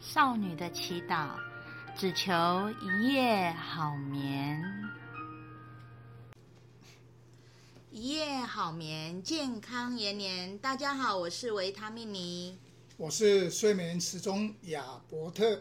少女的祈禱，只求一夜好眠，一夜好眠，健康延年。大家好，我是維他命尼，我是睡眠時鐘亞伯特。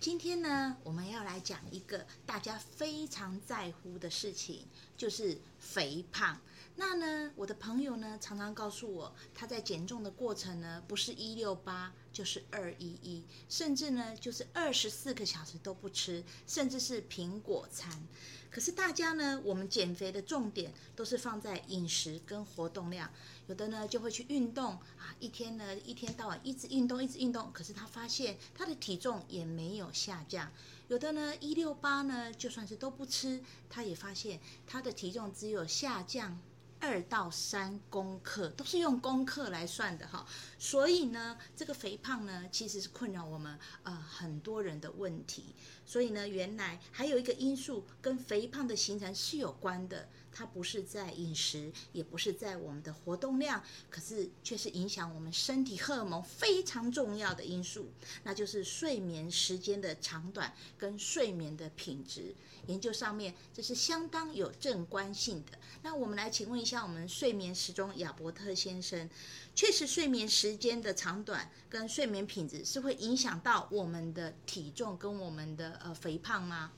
今天呢，我們要來講一個大家非常在乎的事情，就是肥胖。那呢，我的朋友呢，常常告訴我，他在減重的過程呢，不是168，就是211，甚至呢，就是24個小時都不吃，甚至是蘋果餐。可是大家呢，我們減肥的重點都是放在飲食跟活動量。有的呢，就會去運動啊，一天呢，一天到晚一直運動一直運動，可是他發現他的體重也沒有下降。有的呢一六八呢，就算是都不吃，他也發現他的體重只有下降。二到三公斤都是用公斤來算的哈，所以呢，這個肥胖呢其實是困擾我們呃很多人的問題，所以呢，原來還有一個因素跟肥胖的形成是有關的。它不是在飲食，也不是在我們的活動量，可是卻是影響我們身體荷爾蒙非常重要的因素，那就是睡眠時間的長短跟睡眠的品質。研究上面這是相當有正觀性的。那我們來請問一下，我們睡眠時鐘亞伯特先生，確實睡眠時間的長短跟睡眠品質是會影響到我們的體重跟我們的呃肥胖嗎？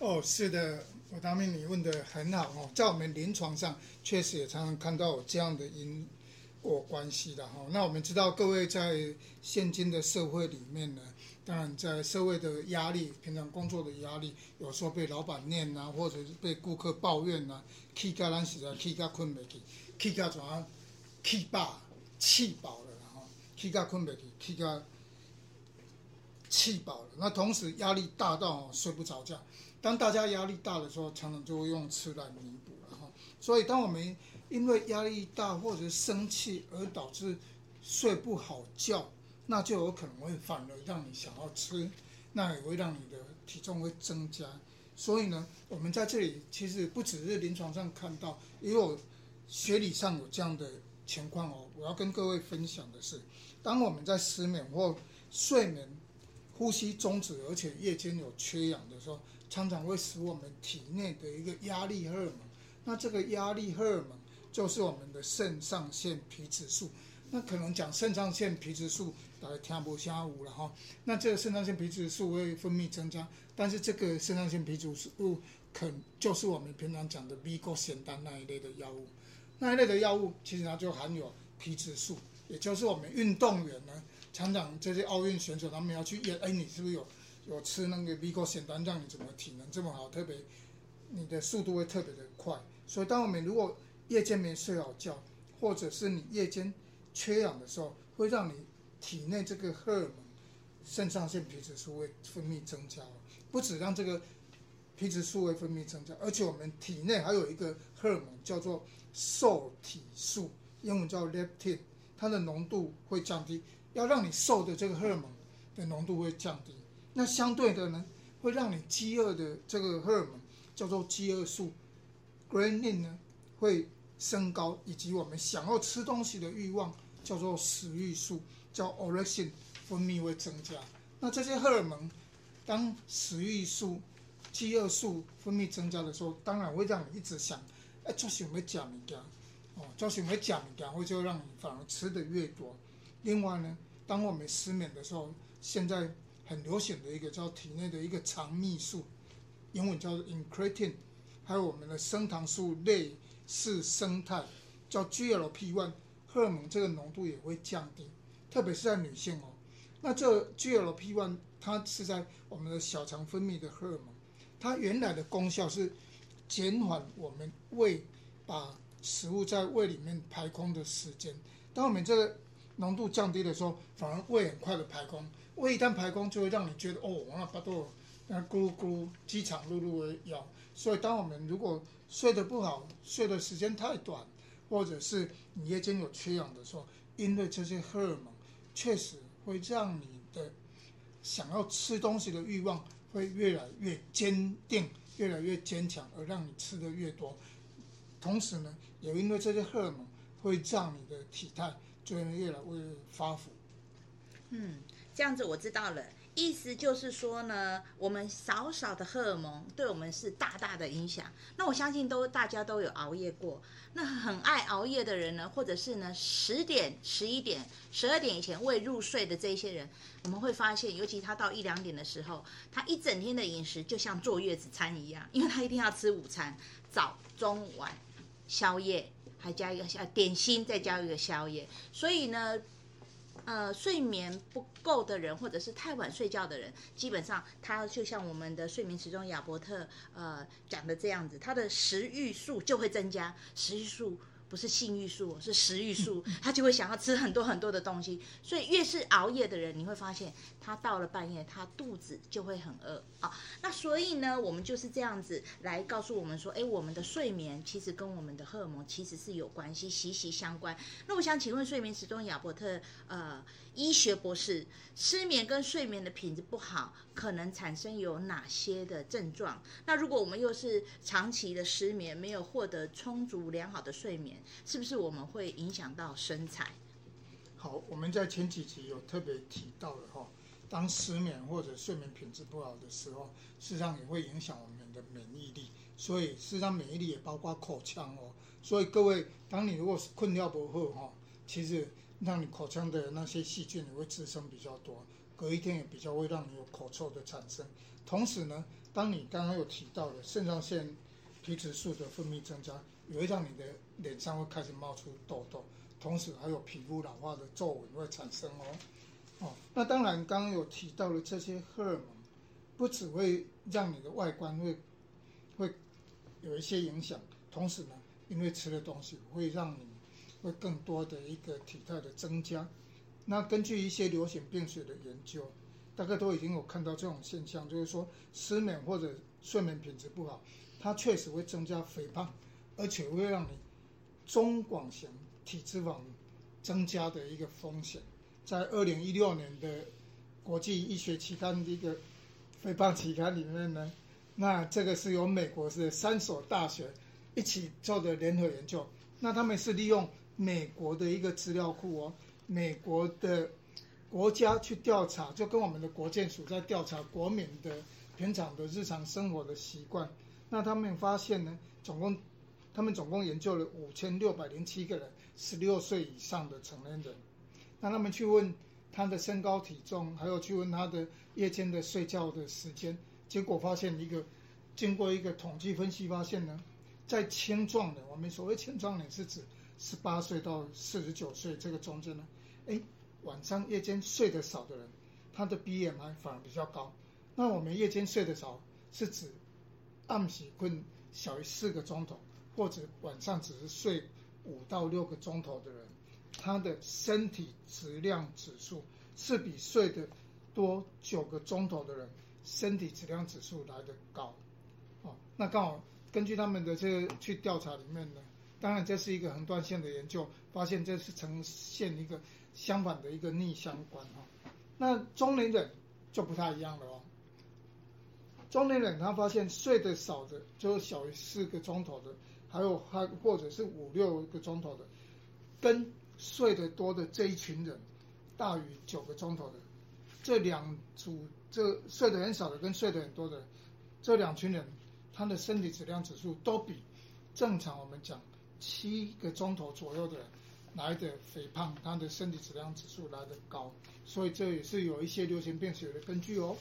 哦，oh, 是的。我當面你問得很好吼，在我們臨床上確實也常常看到有這樣的因果關係的吼。那我們知道各位在現今的社會裡面呢，當然在社會的壓力、平常工作的壓力，有時候被老闆念啊，或者是被顧客抱怨啊，氣到咱實在氣到困未去，氣到怎啊氣飽、氣飽了然後，氣到困未去，氣到氣飽了。那同時壓力大到睡不着覺。當大家壓力大的時候，常常就會用吃來彌補然後、哦，所以，當我們因為壓力大或者生氣而導致睡不好覺，那就有可能會反而讓你想要吃，那也會讓你的體重會增加。所以呢，我們在這裡其實不只是臨床上看到，也有學理上有這樣的情況哦。我要跟各位分享的是，當我們在失眠或睡眠呼吸中止，而且夜間有缺氧的時候。常常會使我們體內的一個壓力荷爾蒙，那這個壓力荷爾蒙就是我們的腎上腺皮質素。那可能講腎上腺皮質素，大家聽不下午了哈。那這個腎上腺皮質素會分泌增加，但是這個腎上腺皮質素，可就是我們平常講的美國仙丹那一類的藥物，那一類的藥物其實它就含有皮質素，也就是我們運動員呢，常常這些奧運選手他們要去驗，哎，你是不是有？有吃那個維 Go 腺丹，讓你怎麼體能這麼好？特別你的速度會特別的快。所以，當我們如果夜間沒睡好覺，或者是你夜間缺氧的時候，會讓你體內這個荷爾蒙——腎上腺皮質素會分泌增加。不止讓這個皮質素會分泌增加，而且我們體內還有一個荷爾蒙叫做瘦體素，英文叫 Leptin，它的濃度會降低，要讓你瘦的這個荷爾蒙的濃度會降低。那相對的呢，會讓你飢餓的這個荷爾蒙叫做飢餓素 ghrelin 呢，會升高，以及我們想要吃東西的欲望叫做食欲素（叫 orexin） 分泌會增加。那這些荷爾蒙，當食欲素、飢餓素分泌增加的時候，當然會讓你一直想，哎，就想要吃物件，哦，就想要吃物件，或就讓你反而吃得越多。另外呢，當我們失眠的時候，現在。很流行的一個叫體內的一個腸泌素，英文叫做 inc incretin，還有我們的升糖素類似胜肽叫 GLP1 荷爾蒙，這個濃度也會降低，特別是在女性哦。那這 GLP1 它是在我們的小腸分泌的荷爾蒙，它原來的功效是減緩我們胃把食物在胃裡面排空的時間，當我們這個濃度降低的時候，反而胃很快的排空。胃一旦排空，就會讓你覺得哦，完了，巴豆，那咕嚕咕嚕，飢腸轆轆的要。所以，當我們如果睡得不好，睡得時間太短，或者是你夜間有缺氧的時候，因為這些荷爾蒙確實會讓你的想要吃東西的欲望會越來越堅定，越來越堅強，而讓你吃得越多。同時呢，也因為這些荷爾蒙會讓你的體態，就會越來越發福。嗯。這樣子我知道了，意思就是說呢，我們少少的荷爾蒙對我們是大大的影響。那我相信都大家都有熬夜過，那很愛熬夜的人呢，或者是呢十點、十一點、十二點以前未入睡的這些人，我們會發現，尤其他到一兩點的時候，他一整天的飲食就像坐月子餐一樣，因為他一定要吃午餐、早中晚、宵夜，還加一個小點心，再加一個宵夜，所以呢。呃，睡眠不夠的人，或者是太晚睡覺的人，基本上他就像我們的睡眠時鐘亞伯特呃講的這樣子，他的食慾素就會增加，食慾素。不是性慾素，是食慾素，他就會想要吃很多很多的東西。所以越是熬夜的人，你會發現他到了半夜，他肚子就會很餓啊。那所以呢，我們就是這樣子來告訴我們說，哎、欸，我們的睡眠其實跟我們的荷爾蒙其實是有關係，息息相關。那我想請問，睡眠時鐘亞伯特，呃，醫學博士，失眠跟睡眠的品質不好，可能產生有哪些的症狀？那如果我們又是長期的失眠，沒有獲得充足良好的睡眠，是不是我們會影響到身材？好，我們在前幾集有特別提到的哈，當失眠或者睡眠品質不好的時候，事實上也會影響我們的免疫力。所以，事實上免疫力也包括口腔哦。所以各位，當你如果是困覺不夠，哈，其實讓你口腔的那些細菌也會滋生比較多，隔一天也比較會讓你有口臭的產生。同時呢，當你剛剛有提到的腎上腺皮質素的分泌增加。也會讓你的臉上會開始冒出痘痘，同時還有皮膚老化的皺紋會產生哦。哦，那當然剛剛有提到了這些荷爾蒙，不只會讓你的外觀會會有一些影響，同時呢，因為吃的東西會讓你會更多的一個體態的增加。那根據一些流行病學的研究，大概都已經有看到這種現象，就是說失眠或者睡眠品質不好，它確實會增加肥胖，而且會讓你中廣型體脂肪增加的一個風險，在二零一六年的國際醫學期刊的一個肥胖期刊裡面呢，那這個是由美國的三所大學一起做的聯合研究，那他們是利用美國的一個資料庫哦，美國的國家去調查，就跟我們的國健署在調查國民的平常的日常生活的習慣，那他們發現呢，總共。他們總共研究了五千六百零七個人，十六歲以上的成年人，那他們去問他的身高、體重，還有去問他的夜間的睡覺的時間，結果發現一個，經過一個統計分析發現呢，在青壯年，我們所謂青壯年是指十八歲到四十九歲這個中間呢，誒、欸，晚上夜間睡得少的人，他的 B M I 反而比較高。那我們夜間睡得少是指，暗時睏小於四個鐘頭。或者晚上只是睡五到六個鐘頭的人，他的身體質量指數是比睡得多九個鐘頭的人身體質量指數來得高。哦，那剛好根據他們的這個去調查裡面呢，當然這是一個橫斷線的研究，發現這是呈現一個相反的一個逆相關哈。那中年人就不太一樣了哦。中年人他發現睡得少的就是小於四個鐘頭的。還有還或者是五六個鐘頭的，跟睡得多的這一群人，大於九個鐘頭的，這兩組這睡得很少的跟睡得很多的這兩群人，他的身體質量指數都比正常我們講七個鐘頭左右的人來得肥胖，他的身體質量指數來得高，所以這也是有一些流行病學的根據哦。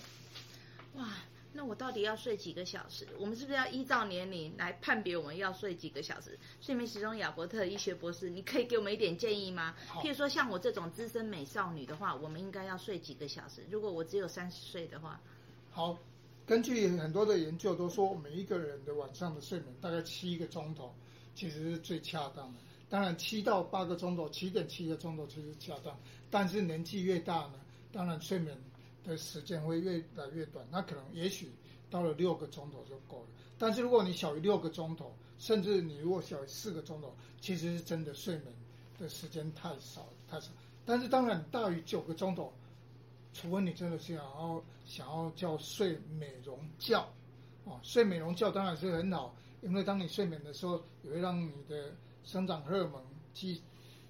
哇。那我到底要睡幾個小時？我們是不是要依照年齡來判別我們要睡幾個小時？睡眠時鐘亞伯特醫學博士，你可以給我們一點建議嗎？譬如說，像我這種資深美少女的話，我們應該要睡幾個小時？如果我只有三十歲的話，好，根據很多的研究都說，每一個人的晚上的睡眠大概七個鐘頭，其實是最恰當的。當然，七到八個鐘頭，七點七個鐘頭其實恰當，但是年紀越大呢，當然睡眠。的時間會越來越短，那可能也許到了六個鐘頭就夠了。但是如果你小於六個鐘頭，甚至你如果小於四個鐘頭，其實是真的睡眠的時間太少，太少。但是當然大於九個鐘頭，除非你真的是想要想要叫睡美容覺，啊、哦，睡美容覺當然是很好，因為當你睡眠的時候，也會讓你的生長荷爾蒙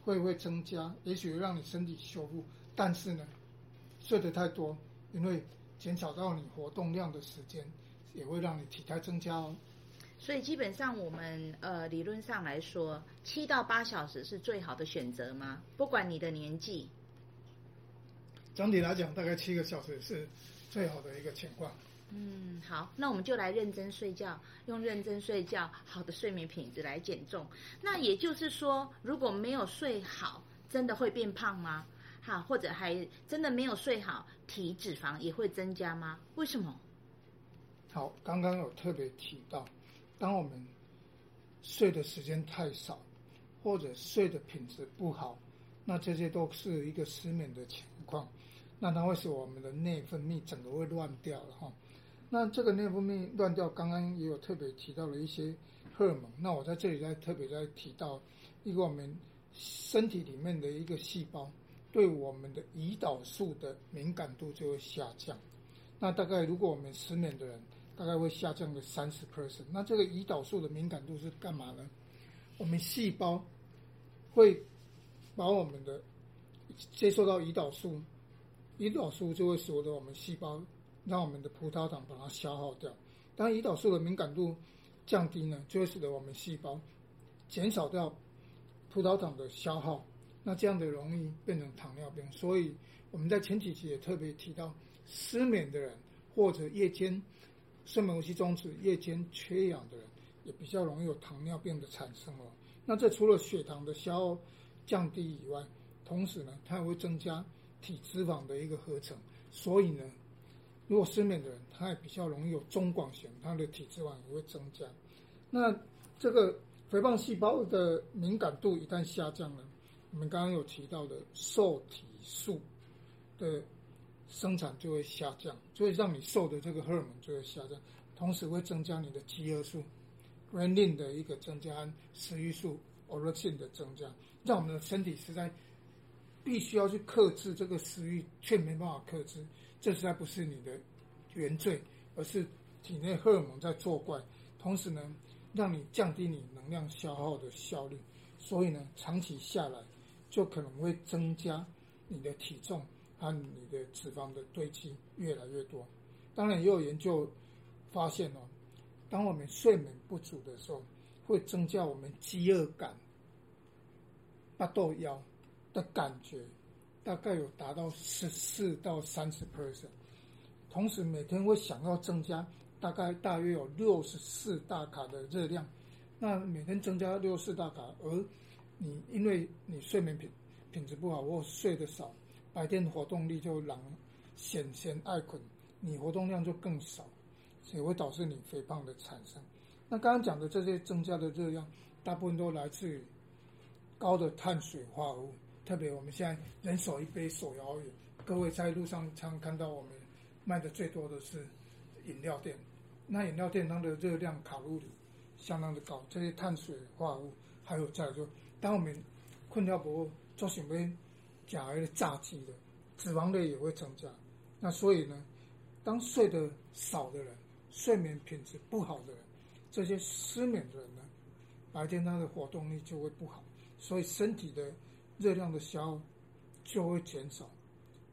會會增加，也許會讓你身體修復。但是呢，睡得太多。因為減少到你活動量的時間，也會讓你體態增加哦。所以基本上，我們呃理論上來說，七到八小時是最好的選擇嗎？不管你的年紀。整體來講，大概七個小時是最好的一個情況。嗯，好，那我們就來認真睡覺，用認真睡覺、好的睡眠品質來減重。那也就是說，如果沒有睡好，真的會變胖嗎？好，或者還真的沒有睡好，體脂肪也會增加嗎？為什麼？好，剛剛有特別提到，當我們睡的時間太少，或者睡的品質不好，那這些都是一個失眠的情況，那它會使我們的內分泌整個會亂掉哈、哦。那這個內分泌亂掉，剛剛也有特別提到了一些荷爾蒙，那我在這裡再特別再提到一個我們身體裡面的一個細胞。對我們的胰島素的敏感度就會下降。那大概如果我們失眠的人，大概會下降個三十 percent。那這個胰島素的敏感度是幹嘛呢？我們細胞會把我們的接收到胰島素，胰島素就會使得我們細胞讓我們的葡萄糖把它消耗掉。當胰島素的敏感度降低呢，就會使得我們細胞減少掉葡萄糖的消耗。那這樣的容易變成糖尿病，所以我們在前幾集也特別提到，失眠的人或者夜間睡眠呼吸終止、夜間缺氧的人，也比較容易有糖尿病的產生哦。那這除了血糖的消耗降低以外，同時呢，它也會增加體脂肪的一個合成。所以呢，如果失眠的人，他也比較容易有中廣型，他的體脂肪也會增加。那這個肥胖細胞的敏感度一旦下降了，我們剛剛有提到的瘦體素，的生產就會下降，就會讓你瘦的這個荷爾蒙就會下降，同時會增加你的飢餓素、ghrelin 的一個增加、食欲素、orexin 的增加，讓我們的身體實在必須要去克制這個食欲，卻沒辦法克制。這實在不是你的原罪，而是體內荷爾蒙在作怪。同時呢，讓你降低你能量消耗的效率。所以呢，長期下來。就可能會增加你的體重和你的脂肪的堆積，越來越多。當然也有研究發現哦，當我們睡眠不足的時候，會增加我們飢餓感、八豆腰的感覺，大概有達到十四到三十 percent。同時每天會想要增加大概大約有六十四大卡的熱量，那每天增加六十四大卡而。你因為你睡眠品品質不好或睡得少，白天的活動力就懶，顯顯愛睏，你活動量就更少，所以會導致你肥胖的產生。那剛剛講的這些增加的熱量，大部分都來自於高的碳水化合物，特別我們現在人手一杯手搖飲，各位在路上常常看到我們賣的最多的是飲料店，那飲料店當的熱量卡路里相當的高，這些碳水化合物還有在說。當我們困覺不夠，造成被甲癌的炸雞的，脂肪率也會增加。那所以呢，當睡得少的人、睡眠品質不好的人、這些失眠的人呢，白天他的活動力就會不好，所以身體的熱量的消耗就會減少。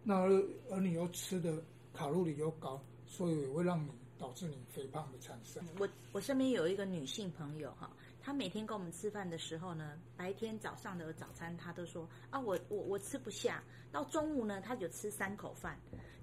那而而你又吃的卡路里又高，所以也會讓你。導致你肥胖的產生。我我身邊有一個女性朋友哈，她每天跟我們吃飯的時候呢，白天早上的早餐她都說啊，我我我吃不下。到中午呢，她就吃三口飯，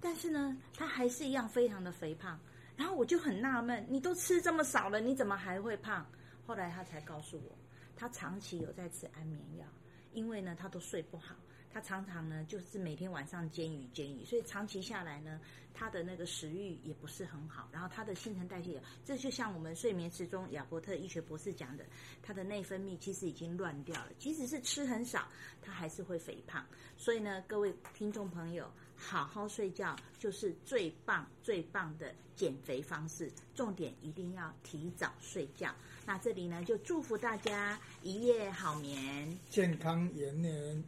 但是呢，她還是一樣非常的肥胖。然後我就很納悶，你都吃這麼少了，你怎麼還會胖？後來她才告訴我，她長期有在吃安眠藥，因為呢，她都睡不好。他常常呢，就是每天晚上煎魚煎魚，所以長期下來呢，他的那個食慾也不是很好。然後他的新陳代謝，這就像我們睡眠時鐘亞伯特醫學博士講的，他的內分泌其實已經亂掉了。即使是吃很少，他還是會肥胖。所以呢，各位聽眾朋友，好好睡覺就是最棒最棒的減肥方式。重點一定要提早睡覺。那這裡呢，就祝福大家一夜好眠，健康延年。